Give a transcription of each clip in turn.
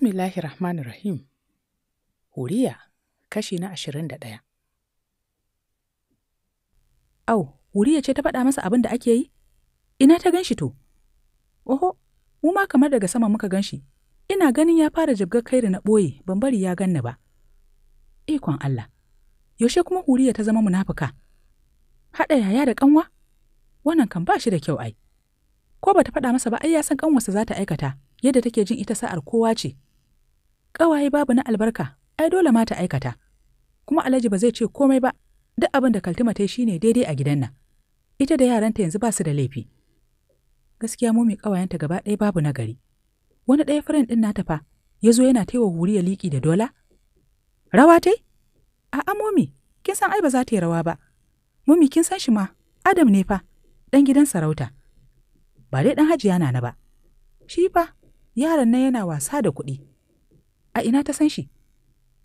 Bismillahir Rahmanir Huriya, kashi na ashirin da ɗaya. Au, Huriya ce ta faɗa masa abin da ake yi? Ina ta gan shi to? Oho, mu ma kamar daga sama muka gan shi. Ina ganin ya fara jibgar kai da na ɓoye, ban bari ya ganni ba. Ikon Allah, yaushe kuma Huriya ta zama munafuka? Haɗa yaya da ƙanwa? Wannan kan ba shi da kyau ai. Ko ba ta faɗa masa ba ai ya san ƙanwarsa za ta aikata, yadda take jin ita sa'ar kowa ce ƙawaye babu na albarka ai dole ma ta aikata kuma alhaji ba zai ce komai ba duk abin da kaltuma ta yi shine daidai a gidan nan ita da yaranta yanzu ba su da laifi gaskiya momi ƙawayenta gaba ɗaya babu na gari wani ɗaya friend ɗin nata fa ya zo yana taiwa huri ya liƙi da dola rawa tai a'a momi kin san ai ba za ta yi rawa ba momi kin san shi ma adam ne fa ɗan gidan sarauta ba dai ɗan hajiya na ba shi fa yaran nan yana wasa da kuɗi A ina ta san shi?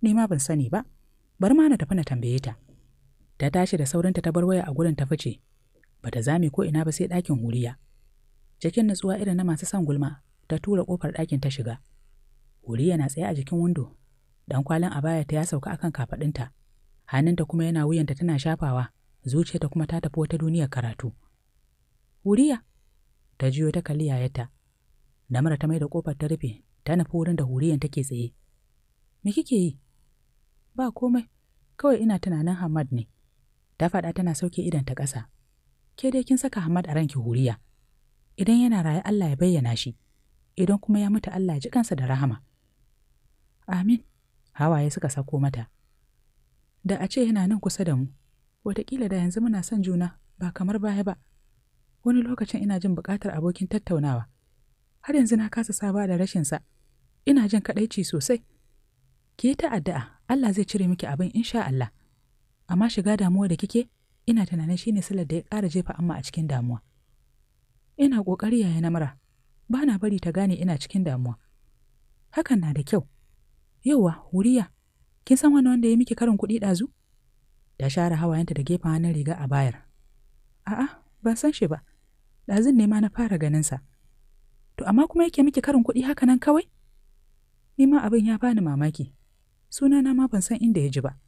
Ni ma ban sani ba, bar ma na tafi na tambaye ta. Ta tashi da saurinta ta bar waya a gurin ta fice, ba ta zame ko ina ba sai ɗakin huriya. Cikin natsuwa irin na masu son gulma, ta tura ƙofar ɗakin ta shiga. Huriya na tsaye a jikin windo, dan kwalin a baya ta ya sauka akan kafaɗinta, hannunta kuma yana wuyanta tana shafawa, ta kuma ta tafi wata duniyar karatu. Huriya, ta jiyo ta kalli yayarta. Namara ta mai da ƙofar ta rufe ta nufi wurin da huriyan take tsaye. Me kike yi? Ba komai, kawai ina tunanin Hamad ne. Ta faɗa tana sauke idan ta ƙasa. Ke dai kin saka Hamad a ranki huriya. Idan yana raye Allah ya bayyana shi, idan kuma ya mutu Allah ji kansa da rahama. Amin, hawaye suka sako mata. Da a ce yana nan kusa da mu, wataƙila da yanzu muna son juna ba kamar baya ba. Wani lokacin ina jin buƙatar abokin tattaunawa. Har yanzu na kasa saba da rashinsa. ina jin kaɗaici sosai ki yi ta addu'a Allah zai cire miki abin insha Allah amma shiga damuwa da kike ina tunanin shine silar da ya ƙara jefa amma a cikin damuwa ina ƙoƙari yaya na mura ba na bari ta gane ina cikin damuwa hakan na da kyau yauwa wuriya kin san wani wanda ya miki karin kuɗi ɗazu ta share hawayenta da gefen hannun riga a bayar a'a ban san shi ba ɗazun ne ma na fara ganinsa to amma kuma yake miki karin kuɗi haka nan kawai Ni ma abin ya bani mamaki. Sunana ma ban san inda ya ji ba.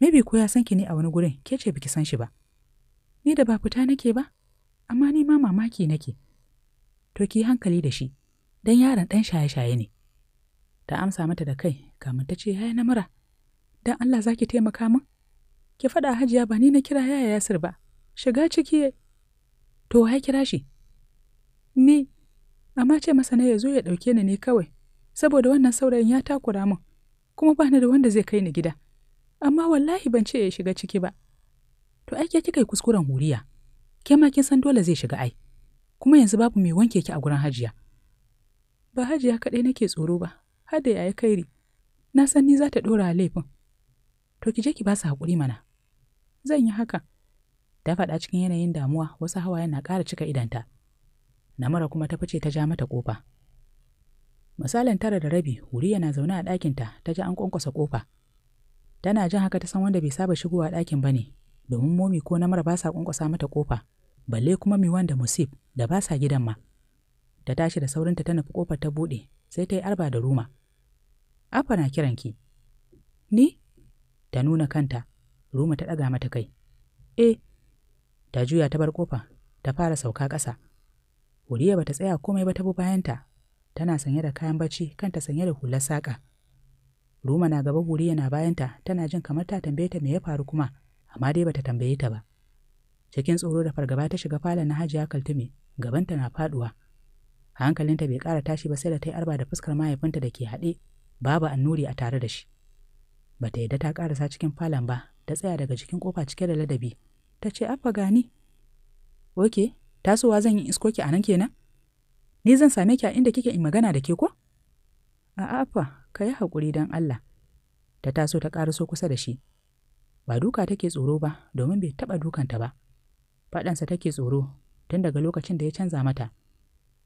Maybe ko ya san ki ne a wani gurin, ke ce biki san shi ba. Ni da ba fita nake ba, amma ni ma mamaki nake. To ki hankali da shi, dan yaron dan shaye-shaye ne. Ta amsa mata da kai, kamun ta ce yaya na mura. Dan Allah zaki taimaka min? Ki faɗa hajiya ba ni na kira yaya Yasir ba. Shiga ciki To ya kira shi? Ni, amma ce masa ne ya zo ya ɗauke ni ne kawai, saboda wannan saurayin ya takura min kuma ba ni da wanda zai kai ni gida amma wallahi ban ce ya shiga ciki ba to ai ke kika yi kuskuren huriya ke ma kin san dole zai shiga ai kuma yanzu babu mai wanke ki a gurin hajiya ba hajiya kaɗai nake tsoro ba har da yaya kairi na san ni za ta ɗora laifin to ki je ki ba su haƙuri mana zan yi haka ta faɗa cikin yanayin damuwa wasu hawa yana ƙara cika idanta namara kuma ta fice ta ja mata ƙofa Misalin tara da rabi, Wuriya na zaune a ɗakinta ta ji an ƙwanƙwasa ƙofa. Tana jin haka ta san wanda bai saba shigowa ɗakin ba ne, domin momi ko namar ba sa ƙwanƙwasa mata ƙofa, balle kuma mi wanda musib da ba sa gidan ma. Ta tashi da saurinta ta nufi ƙofar ta buɗe, sai ta yi arba da ruma. Afa na ki. Ni? Ta nuna kanta, ruma ta ɗaga mata kai. Eh. ta juya ta bar ƙofa, ta fara sauka ƙasa. Wuriya ba ta tsaya komai ba ta bi bayanta tana sanye da kayan bacci kanta sanye da hular saƙa. Ruma na gaba guri yana bayanta tana jin kamar ta tambaye ta me ya faru kuma amma dai bata tambaye ta ba. Cikin tsoro da fargaba ta shiga falon na Hajiya Kaltume gabanta na faduwa. Hankalinta bai ƙara tashi ba sai da ta yi arba da fuskar mahaifinta da ke haɗe babu annuri a tare da shi. Bata yadda ta ƙarasa cikin falon ba ta tsaya daga cikin ƙofa cike da ladabi ta ce abba gani. Oke, tasowa zan yi iskoki a nan kenan? Ni zan same ki a inda kike in magana da ke ko? A'a fa, ka yi haƙuri don Allah. Ta taso ta so kusa da shi. Ba duka take tsoro ba, domin bai taɓa dukanta ba. Faɗansa take tsoro, tun daga lokacin da ya canza mata.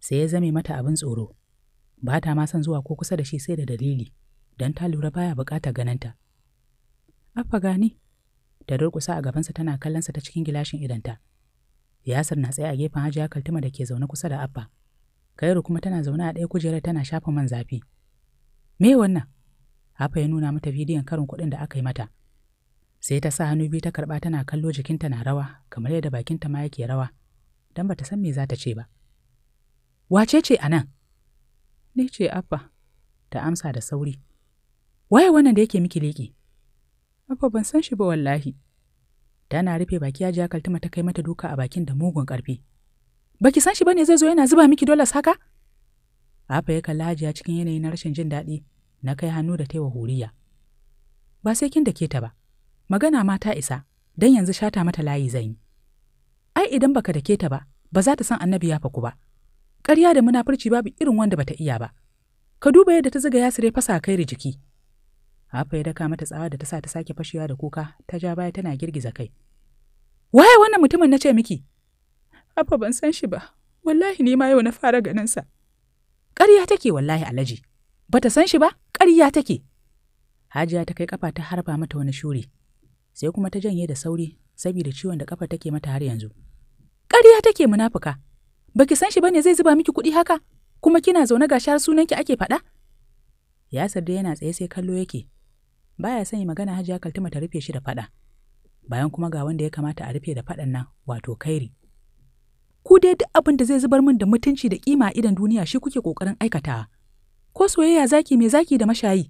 Sai ya zame mata abin tsoro. Ba ta ma son zuwa ko kusa da shi sai da dalili, don ta lura baya buƙatar ganinta. Affa gani, ta durƙusa a gabansa tana kallonsa ta cikin gilashin idanta. Yasir na tsaye a gefen Hajiya Kaltuma da ke zaune kusa da Abba. Kairu kuma tana zaune a ɗaya kujerar tana shafa man zafi. Me wannan? Hafa ya nuna mata bidiyon karin kuɗin da aka yi mata. Sai ta sa hannu biyu ta karɓa tana kallo jikinta na rawa kamar yadda bakinta ma yake rawa don bata san me za ta ce ba. Wace ce a nan? Ni ce Abba, ta amsa da sauri. Waye wannan da yake miki leƙi? Abba ban san shi ba wallahi. Tana rufe baki ya ji kaltuma ta kai mata duka a bakin da mugun ƙarfi. ba ki san shi bane zai zo yana zuba miki dollars haka? Afa ya kalli Hajiya cikin yanayi na rashin jin daɗi na kai hannu da taiwa huriya. Ba sai kin dake ta ba. Magana ma ta isa, dan yanzu shata mata layi zan yi. Ai idan baka dake ta ba, ba za ta san Annabi ya faku ba. Ƙarya da munafurci babu irin wanda bata iya ba. Ka duba yadda ta zuga Yasire fasa kai da jiki. Afa ya daka mata tsawa da ta sa ta sake fashewa da kuka, ta ja baya tana girgiza kai. Waye wannan mutumin na ce miki? Abba ban san shi ba, wallahi ni ma yau na fara ganinsa. Ƙarya take wallahi alaji, bata san shi ba, ƙarya take. Hajiya ta kai kafa ta harba mata wani shuri, sai kuma ta janye da sauri saboda ciwon da kafa take mata har yanzu. Ƙarya take munafuka, baki san shi bane zai zuba miki kuɗi haka, kuma kina zaune ga shar sunanki ake faɗa? ya dai yana tsaye sai kallo yake, baya son magana Hajiya Kaltuma ta rufe shi da faɗa. Bayan kuma ga wanda ya kamata a rufe da faɗan nan, wato Kairi. ku dai duk abin da zai zubar min da mutunci da kima a idan duniya shi kuke kokarin aikata ko soyayya zaki mai zaki da mashayi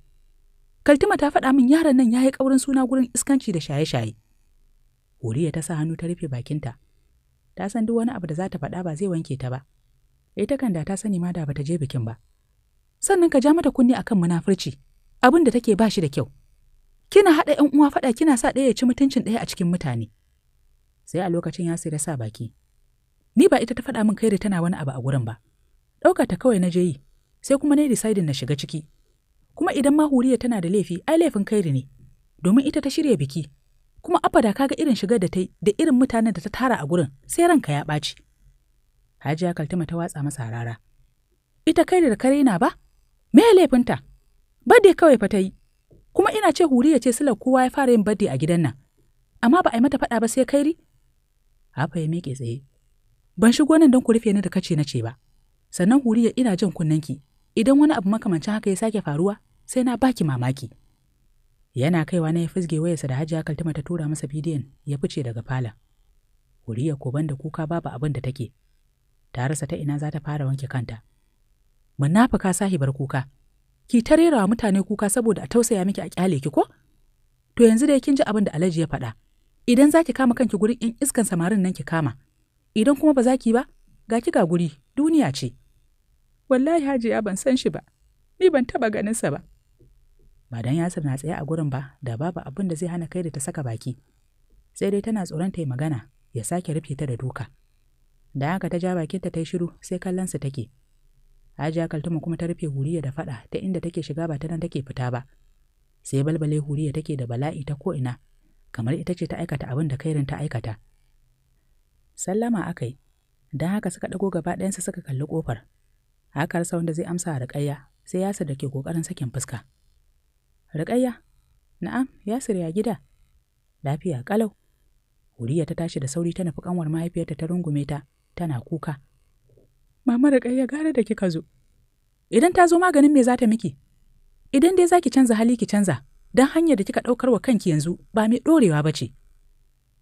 kaltuma ta faɗa min yaron nan ya yi ƙaurin suna gurin iskanci da shaye-shaye horiya ta sa hannu ta rufe bakinta ta san duk wani abu da za ta faɗa ba zai wanke ta ba ita kan da ta sani ma da bata je bikin ba sannan ka ja mata kunni akan munafurci abin da take ba shi da kyau kina haɗa ‘yan uwa faɗa kina sa ɗaya ya ci mutuncin ɗaya a cikin mutane. Sai a lokacin ya da sa baki, Ni ba ita ta faɗa min kai da tana wani abu a gurin ba. Ɗauka ta kawai na je yi, sai kuma na yi decidin na shiga ciki. Kuma idan ma huriya tana da laifi, ai laifin kairi ne, domin ita ta shirya biki. Kuma ka kaga irin shigar da ta yi da irin mutanen da ta tara a gurin, sai ranka ya ɓaci. Hajiya Kaltuma ta watsa masa rara. Ita kai da kare na ba? Me laifinta? Bade kawai fa ta yi. Kuma ina ce huriya ce silar kowa ya fara yin bade a gidan nan. amma ba a yi mata faɗa ba sai kairi? Hafa ya miƙe tsaye, ban shigo nan don ku rufe ni da kace na ce ba sannan huriya ina jin kunnanki idan wani abu makamancin haka ya sake faruwa sai na baki mamaki yana kaiwa na ya fizge wayarsa da hajiya kaltuma ta tura masa bidiyon ya fice daga fala huriya ko banda kuka babu abin da take ta rasa ta ina za ta fara wanke kanta munafuka sahibar kuka ki ta rera mutane kuka saboda a tausaya miki a kyale ki ko to yanzu dai kin ji abin da Alhaji ya faɗa idan za ki kama kanki gurin in iskan samarin nan ki kama idan kuma ba za ki ba ga ki ga guri duniya ce wallahi hajiya ban san shi ba ni ban taba ganinsa ba ba dan yasir na tsaye a gurin ba da babu abin da zai hana kai da ta saka baki sai dai tana tsoron ta yi magana ya sake rufe ta da duka da haka ta ja bakinta ta yi shiru sai kallon kallonsa take hajiya kaltuma kuma ta rufe huriya da faɗa ta inda take shiga ba ta nan take fita ba sai balbale huriya take da bala'i ta ko'ina kamar ita ce ta aikata abin da kairin ta aikata Sallama aka yi, don haka suka ɗago gaba ɗayansa suka kalli kofar. Haka rasa wanda zai amsa a riƙayya sai Yasir da ke ƙoƙarin sakin fuska. rikayya na'am, Yasir ya gida. Lafiya ƙalau. Huriya ta tashi da sauri ta nufi ƙanwar mahaifiyarta ta rungume ta, tana kuka. Mama Rukayya gara da kika zo. Idan ta zo maganin me za ta miki? Idan dai za ki canza hali ki canza, don hanyar da kika ɗaukar wa kanki yanzu ba mai ɗorewa ba ce.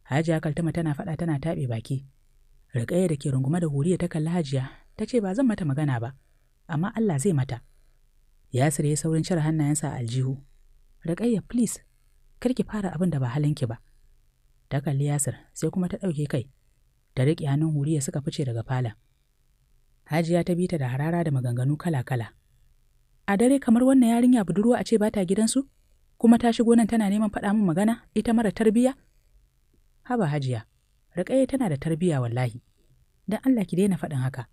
Hajiya Kaltuma tana faɗa tana taɓe baki. Rikaya da ke rungume da huriya ta kalli Hajiya ta ce ba zan mata magana ba, amma Allah zai mata. Yasir ya saurin cire hannayensa a aljihu. Rikaya please, kar ki fara abin da ba ki ba. Ta kalli Yasir sai kuma ta ɗauke kai. Ta riƙe hannun huriya suka fice daga falon. Hajiya ta bi ta da harara da maganganu kala-kala. A dare kamar wannan yarinya budurwa a ce ba ta gidansu? Kuma ta shigo nan tana neman faɗa min magana ita mara tarbiyya? haba hajiya riƙaye tana da tarbiyya wallahi dan Allah ki daina faɗin haka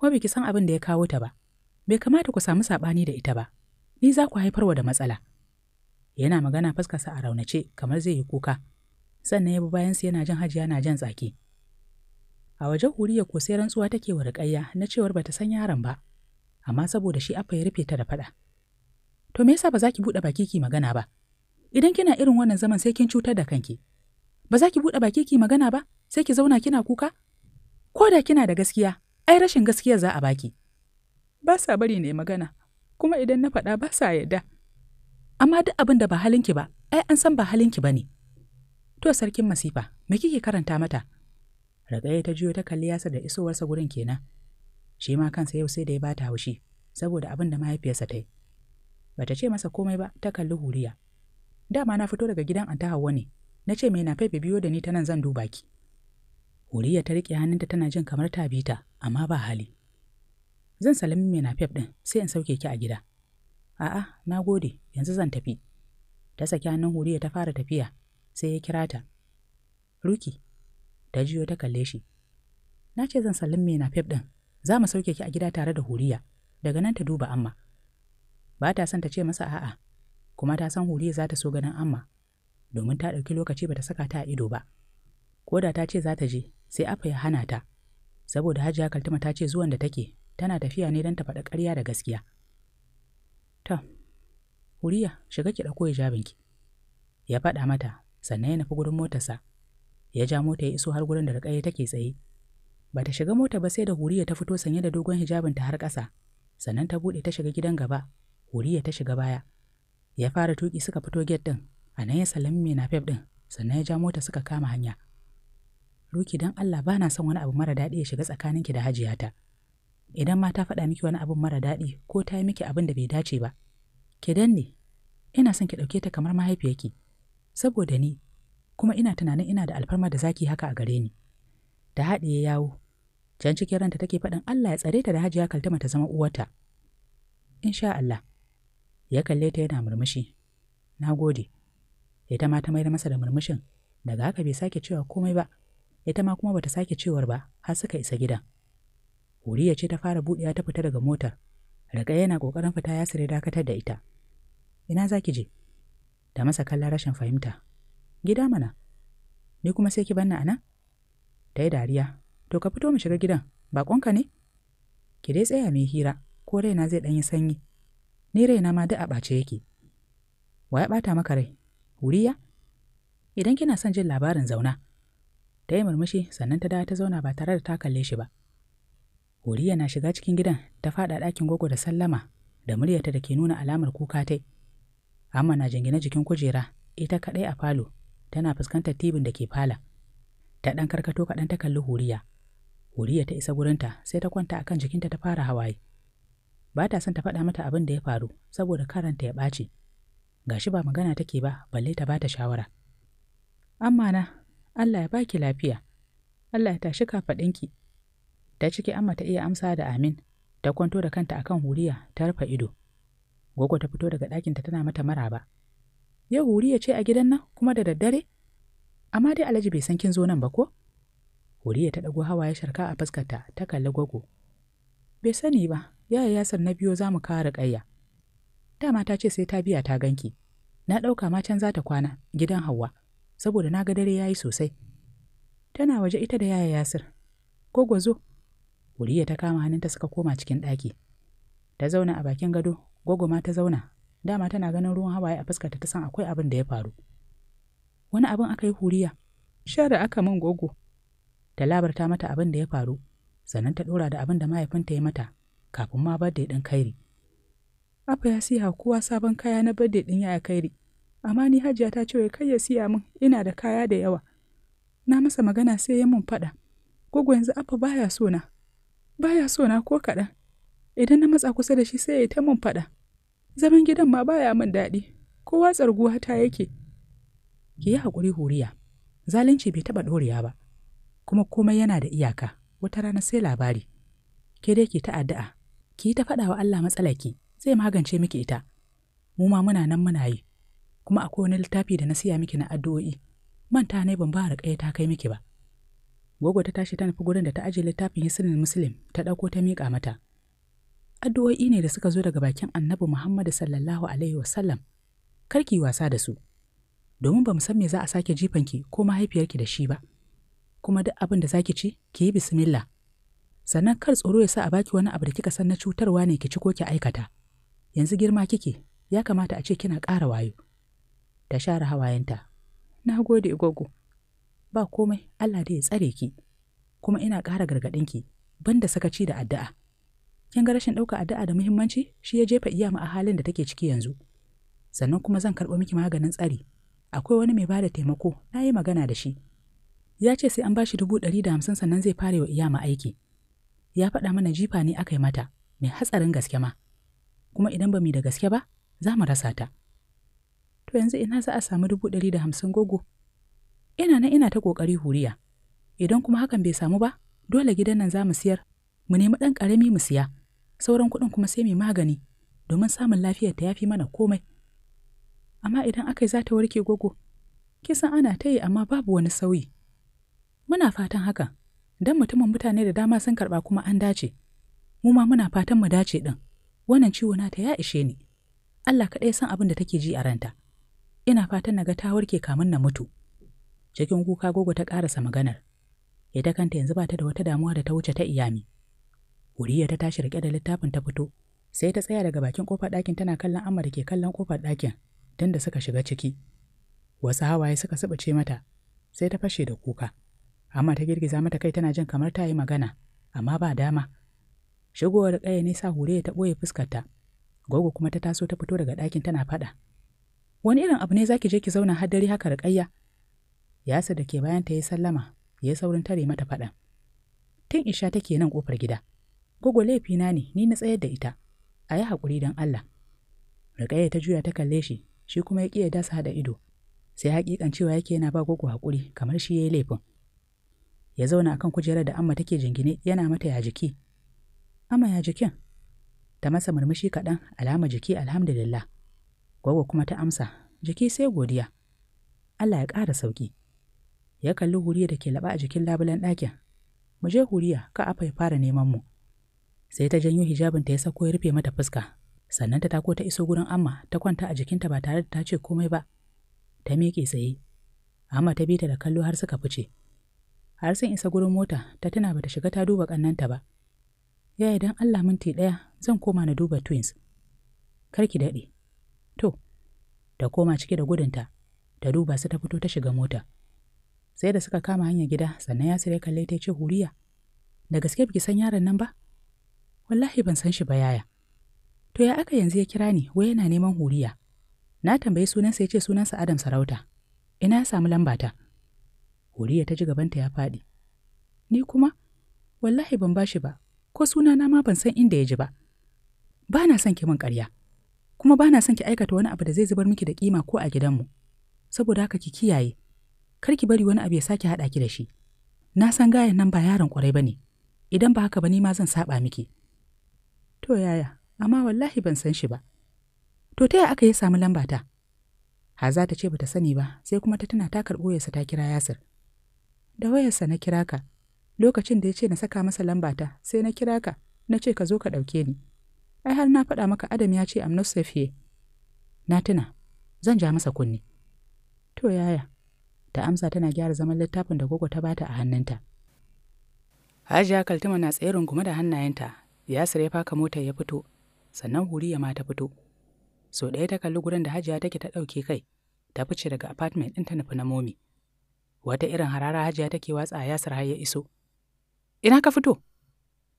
ko biki ki san abin da ya kawo ta ba bai kamata ku samu saɓani da ita ba ni za ku haifarwa da matsala yana magana fuskarsa a raunace kamar zai yi kuka sannan ya bi sa yana jin hajiya na jan tsaki a wajen huriya ko sai rantsuwa take wa rikayya na cewar bata san yaron ba amma saboda shi afa ya rufe ta da faɗa to me yasa ba za ki buɗe baki ki magana ba idan kina irin wannan zaman sai kin cutar da kanki ba za ki buɗe baki ki magana ba sai ki zauna kina kuka ko da kina da gaskiya ai rashin gaskiya za a baki ba sa bari ne magana kuma idan na faɗa ba sa yarda amma duk abin da ba halinki ba ai an san ba halinki ba ne to sarkin masifa me kike karanta mata ragaye ta jiyo ta kalli yasa da isowarsa gurin kenan shi ma kansa yau sai da ya bata haushi saboda abin da mahaifiyarsa ta yi bata ce masa komai ba ta kalli huriya dama na fito daga gidan an ta ne na ce mai na faifi biyo da ni ta nan zan duba ki huriya ta riƙe hannunta tana jin kamar ta bi amma ba hali zan salami mai na ɗin sai in sauke ki a gida a'a na gode yanzu zan tafi ta saki hannun huriya ta fara tafiya sai ya kira ta ruki ta jiyo ta kalle shi na ce zan salami mai na ɗin za mu sauke ki a gida tare da huriya daga nan ta duba amma ba ta son ta ce masa a'a kuma ta san huriya za ta so ganin amma domin ta ɗauki lokaci bata saka ta a ido ba. Ko da ta ce za ta je, sai Afa ya hana ta, saboda Hajiya Kaltuma ta ce zuwan da take tana tafiya ne don ta faɗa ƙarya da gaskiya. To, Huriya, shiga ki ɗauko hijabinki. Ya faɗa mata, sannan ya nufi gurin motarsa. Ya ja mota ya iso har gurin da riƙaye take tsaye. Bata shiga mota ba sai da Huriya ta fito sanye da dogon hijabinta har ƙasa, sannan ta buɗe ta shiga gidan gaba, Huriya ta shiga baya. Ya fara tuƙi suka fito get ɗin, a nan ya salami mai nafef ɗin sannan ya ja mota suka kama hanya ruki don allah ba na son wani abu mara daɗi ya shiga tsakaninki da hajiyata idan ma ta faɗa miki wani abun mara daɗi ko ta yi miki abin da bai dace ba ki danne ina son ki ɗauke ta kamar mahaifiyarki saboda ni kuma ina tunanin ina da alfarma da zaki haka a gare ni da ya yawo can cikin ranta take faɗin Allah ya tsare ta da hajiya kaltama ta zama uwarta insha Allah ya kalle ta yana murmushi na gode ita ma ta maida masa da murmushin daga haka bai sake cewa komai ba ita ma kuma bata sake cewar ba har suka isa gidan huriya ce ta fara buɗewa ta fita daga motar riga yana kokarin fita ya sire dakatar da ita ina za ki je da masa kalla rashin fahimta gida mana ni kuma sai ki banna nan? ta yi dariya to ka fito mu shiga gidan baƙonka ne ki dai tsaya mai hira ko raina zai ɗan yi sanyi ni raina ma duk a ɓace yake wa ya ɓata maka rai Wuriya? Idan kina son jin labarin zauna. Ta yi murmushi sannan ta da ta zauna ba tare da ta kalle shi ba. Wuriya na shiga cikin gidan ta faɗa ɗakin gogo da sallama da muryarta da ke nuna alamar kuka tai. Amma na jingine jikin kujera ita kaɗai a falo tana fuskantar tibin da ke fala. Ta ɗan karkato kaɗan ta kalli huriya. Huriya ta isa gurinta sai ta kwanta akan jikinta ta fara hawaye. Ba ta son ta faɗa mata abin da ya faru saboda karanta ya ɓaci. ga shi ba magana take ba balle ta bata shawara amma na Allah ya baki lafiya Allah ya tashi kafaɗinki ta ciki amma ta iya amsa da amin ta kwanto da kanta akan huriya ta rufe ido gogo ta fito daga ɗakinta tana mata maraba yau huriya ce a gidan nan kuma da daddare amma dai alhaji bai san kin zo nan ba ko huriya ta ɗago hawaye sharka a fuskarta ta kalli gogo bai sani ba yaya yasar na biyo za mu kare ƙayya Dama ta ce sai ta biya ta ganki. Na ɗauka ma can za ta kwana, gidan Hauwa, saboda na ga dare ya yi sosai. Tana waje ita da yaya Yasir. Ko gwazo? Wuriya ta kama ta suka koma cikin ɗaki. Ta zauna a bakin gado, gogo ma ta zauna. Dama tana ganin ruwan hawaye a fuskarta ta san akwai abin da ya faru. Wani abin aka yi huriya, share aka min gogo. Ta labarta mata abin da ya faru, sannan ta ɗora da abin da mahaifinta ya mata kafin ma bar da ɗin kairi. Abba ya siya kowa sabon kaya na birthday ɗin yaya kairi. Amma ni hajiya ta ce wai kai ya siya min ina da kaya da yawa. Na masa magana sai ya mun faɗa. Gogo yanzu Abba baya so na. Baya so na ko kaɗan. Idan na matsa kusa da shi sai ya ta mun faɗa. Zaman gidan ma baya min daɗi. Kowa tsarguwa ta yake. Ki yi haƙuri huriya. Zalunci bai taɓa ɗorewa ba. Kuma komai yana da iyaka. Wata rana sai labari. Ke dai ki ta addu'a. Ki yi ta faɗa wa Allah matsalaki zai magance miki ita mu ma muna nan muna yi kuma akwai wani littafi da na siya miki na addu'o'i manta ne ban ba raƙaya ta kai miki ba gogo ta tashi ta nufi gurin da ta ajiye littafin hisnul muslim ta ɗauko ta miƙa mata addu'o'i ne da suka zo daga bakin annabi muhammadu sallallahu alaihi wasallam karki wasa da su domin ba mu san me za a sake ki ko mahaifiyarki da shi ba kuma duk abin da ki ci ki yi bismillah sannan kar tsoro ya sa a baki wani abu da kika san na cutarwa ne ki ci ko ki aikata yanzu girma kike ya kamata a ce kina ƙara wayo ta share hawayenta na gode gogo ba komai Allah da ya tsare ki kuma ina ƙara gargaɗinki banda sakaci da addu'a kin ga rashin ɗauka addu'a da muhimmanci shi ya jefa iyama a halin da take ciki yanzu sannan kuma zan karɓo miki maganin tsari akwai wani mai bada taimako na yi magana da shi ya ce sai an bashi dubu ɗari da hamsin sannan zai fara wa iyama aiki ya faɗa mana jifa ne aka yi mata mai hatsarin gaske ma kuma idan ba mu da gaske ba za mu rasa ta to yanzu ina za a samu dubu ɗari da hamsin gogo ina nan ina ta ƙoƙari huriya idan kuma hakan bai samu ba dole gidan nan za mu siyar mu nemi ɗan ƙarami mu siya sauran kuɗin kuma sai mai magani domin samun lafiyar ta yafi mana komai amma idan aka yi za ta warke gogo kisan ana ta yi amma babu wani sauyi muna fatan hakan don mutumin mutane da dama sun karɓa kuma an dace mu ma muna fatan mu dace ɗin wannan ciwo nata ya ishe ni Allah kaɗai san abin da take ji a ranta ina fatan na ga ta warke kamin na mutu cikin kuka gogo ta ƙarasa maganar ita kanta yanzu ba ta da wata damuwa da ta wuce ta iyami Huriya ta tashi rike da littafin ta fito sai ta tsaya daga bakin kofar ɗakin tana kallon amma da ke kallon kofar ɗakin tun da suka shiga ciki wasu hawaye suka subuce mata sai ta fashe da kuka amma ta girgiza mata kai tana jin kamar ta yi magana amma ba dama shigowar ƙaya ne sa hure ta ɓoye fuskarta gogo kuma ta taso ta fito daga ɗakin tana faɗa wani irin abu ne za ki je ki zauna har dare haka raƙayya yasa da ke bayan ta yi sallama ya saurin tare mata faɗa tun isha take nan ƙofar gida laifi laifina ne ni na tsayar da ita a yi haƙuri don allah raƙayya ta juya ta kalle shi shi kuma ya ƙi ya dasa haɗa ido sai haƙiƙan cewa yake yana ba gogo haƙuri kamar shi ya yi laifin ya zauna akan kujerar da amma take jingine yana mata ya jiki Amaya, jikin? Ta masa murmushi kaɗan alama jiki alhamdulillah. Gwagwa kuma ta amsa, jiki sai godiya. Allah ya ƙara sauƙi. Ya kalli huriya da ke laɓa a jikin labulen ɗakin. Mu je huriya ka afa ya fara neman mu. Sai ta janyo hijabin ta ya sako ya rufe mata fuska. Sannan ta tako ta iso gurin Amma ta kwanta a jikinta ba tare da ta ce komai ba. Ta miƙe tsaye. Amma ta bi ta da kallo har suka fice. Har sun isa gurin mota ta tuna bata shiga ta duba ƙannanta ba. Yaya idan Allah minti ɗaya zan koma na duba twins. karki daɗe. To, ta koma cike da gudunta, ta duba su ta fito ta shiga mota. Sai da suka kama hanyar gida sannan ya ya kalle ta ce huriya. Da gaske biki san yaron nan ba? Wallahi ban san shi ba yaya. To ya aka yanzu ya kira ni wai yana neman huriya. Na tambayi sunansa ya ce sunan sunansa Adam Sarauta. Ina ya samu lambata. Huriya ta ji gabanta ya faɗi. Ni kuma, wallahi ban bashi ba, ko sunana ma ban san inda ya ji ba. Ba na son ki min ƙarya, kuma ba na son ki aikata wani abu da zai zubar miki da ƙima ko a gidanmu. Saboda haka ki kiyaye, kar ki bari wani abu ya sake haɗa ki da shi. Na san gayan nan ba yaron ƙwarai ba ne, idan ba haka ba ni ma zan saɓa miki. To yaya, amma wallahi ban san shi ba. To ta aka ya samu lamba ta Haza ta ce ta sani ba, sai kuma ta tana ta karɓo yasa ta kira Yasir. Da wayarsa na kira ka, lokacin da ya ce na saka masa lambata sai na kira ka na ce ka zo ka ɗauke ni ai har na faɗa maka adam ya ce amnos safiye na tuna zan ja masa kunni to yaya ta amsa tana gyara zaman littafin da gogo ta bata a hannunta hajiya kaltuma na tsaye rungume da hannayenta yasir ya faka motar ya fito sannan huriya ma ta fito so ɗaya ta kalli gurin da hajiya take ta ɗauke kai ta fice daga apartment ɗin ta nufi na momi wata irin harara hajiya take watsa yasir har ya iso ina ka fito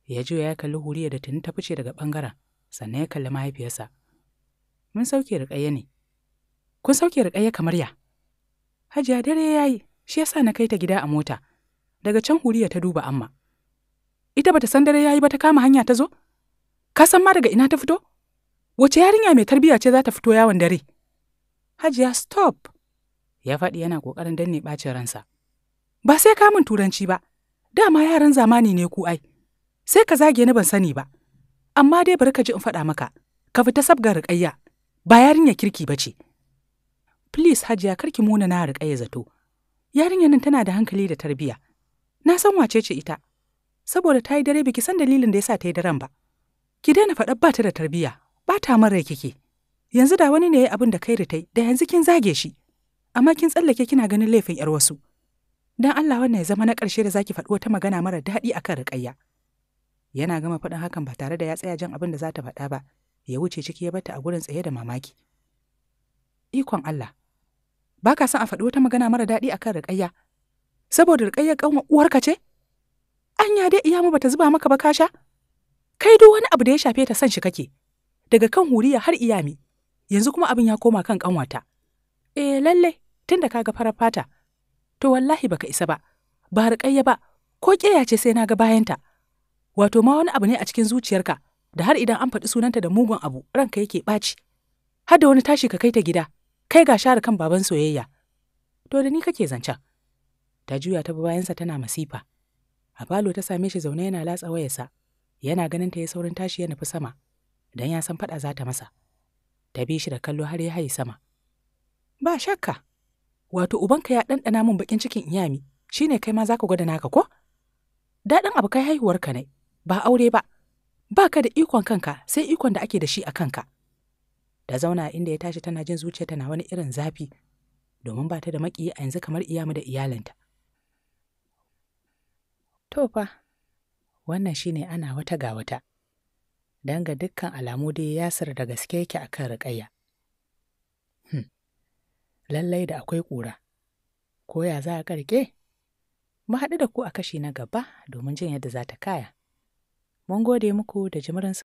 ya juya ya kalli huriya da tuni ta fice daga bangaren sannan ya kalli mahaifiyarsa mun sauke riƙayya ne kun sauke riƙayya kamar ya hajiya dare ya yi shi ya sa na kai ta gida a mota daga can huriya ta duba amma ita bata san dare ya yi ba ta kama hanya ta zo ka san ma daga ina ta fito wace yarinya mai tarbiyya ce za ta fito yawon dare hajiya stop ya faɗi yana ƙoƙarin danne ɓacin ransa ba sai kamun turanci ba dama yaran zamani ne ku ai sai ka zage ni ban sani ba amma dai bari ka ji in faɗa maka ka fita sabgar riƙayya ba yarinya kirki ba ce please hajiya karki muna na riƙayya zato yarinyar nan tana da hankali da tarbiyya. na san wace ce ita saboda ta yi dare biki san dalilin da ya sa ta yi daren ba ki daina faɗa ba ta da tarbiyya. ba ta rai kike yanzu da wani ne ya yi abin da kai da tai da yanzu kin zage shi amma kin tsallake kina ganin laifin yar wasu don Allah wannan ya zama na ƙarshe da zaki faɗi wata magana mara daɗi akan riƙayya. Yana gama faɗin hakan ba tare da ya tsaya jan abin da za ta faɗa ba, ya wuce ciki ya bata a gurin tsaye da mamaki. Ikon Allah, ba ka son a faɗi wata magana mara daɗi akan riƙayya, saboda riƙayyar ƙanwa uwarka ce? Anya dai iya mu bata zuba maka ba ka sha. Kai duk wani abu da ya shafe ta son shi kake, daga kan huriya har iyami, yanzu kuma abin ya koma kan ƙanwata. Eh lallai, tun da ka ga farar fata, to wallahi baka isa ba ba riƙayya ba ko ƙeya ce sai na ga bayanta wato ma wani abu ne a cikin zuciyarka da har idan an faɗi sunanta da mugun abu ranka yake ɓaci har da wani tashi ka kai ta gida kai ga share kan baban soyayya to da ni kake zancen ta juya ta bayansa tana masifa a falo ta same shi zaune yana latsa wayarsa yana ganin ta ya saurin tashi ya nufi sama dan ya san faɗa za ta masa ta bi shi da kallo har ya haye sama ba shakka wato ubanka ya ɗanɗana min bakin cikin iyami shi ne kai ma za ka gwada naka ko? Daɗin abu kai haihuwarka ne, ba aure ba, ba ka da ikon kanka sai ikon da ake da shi a kanka. Da zauna inda ya tashi tana jin zuciya tana wani irin zafi, domin ba ta da maƙiyi a yanzu kamar iyamu da iyalinta. To fa, wannan shi ne ana wata ga wata. Danga dukkan alamu dai yasir da gaske yake akan riƙayya. lallai da akwai ƙura. Ko ya za a ƙarƙe? Mu haɗu da ku a kashi na gaba domin jin yadda za ta kaya. Mun gode muku da jimirin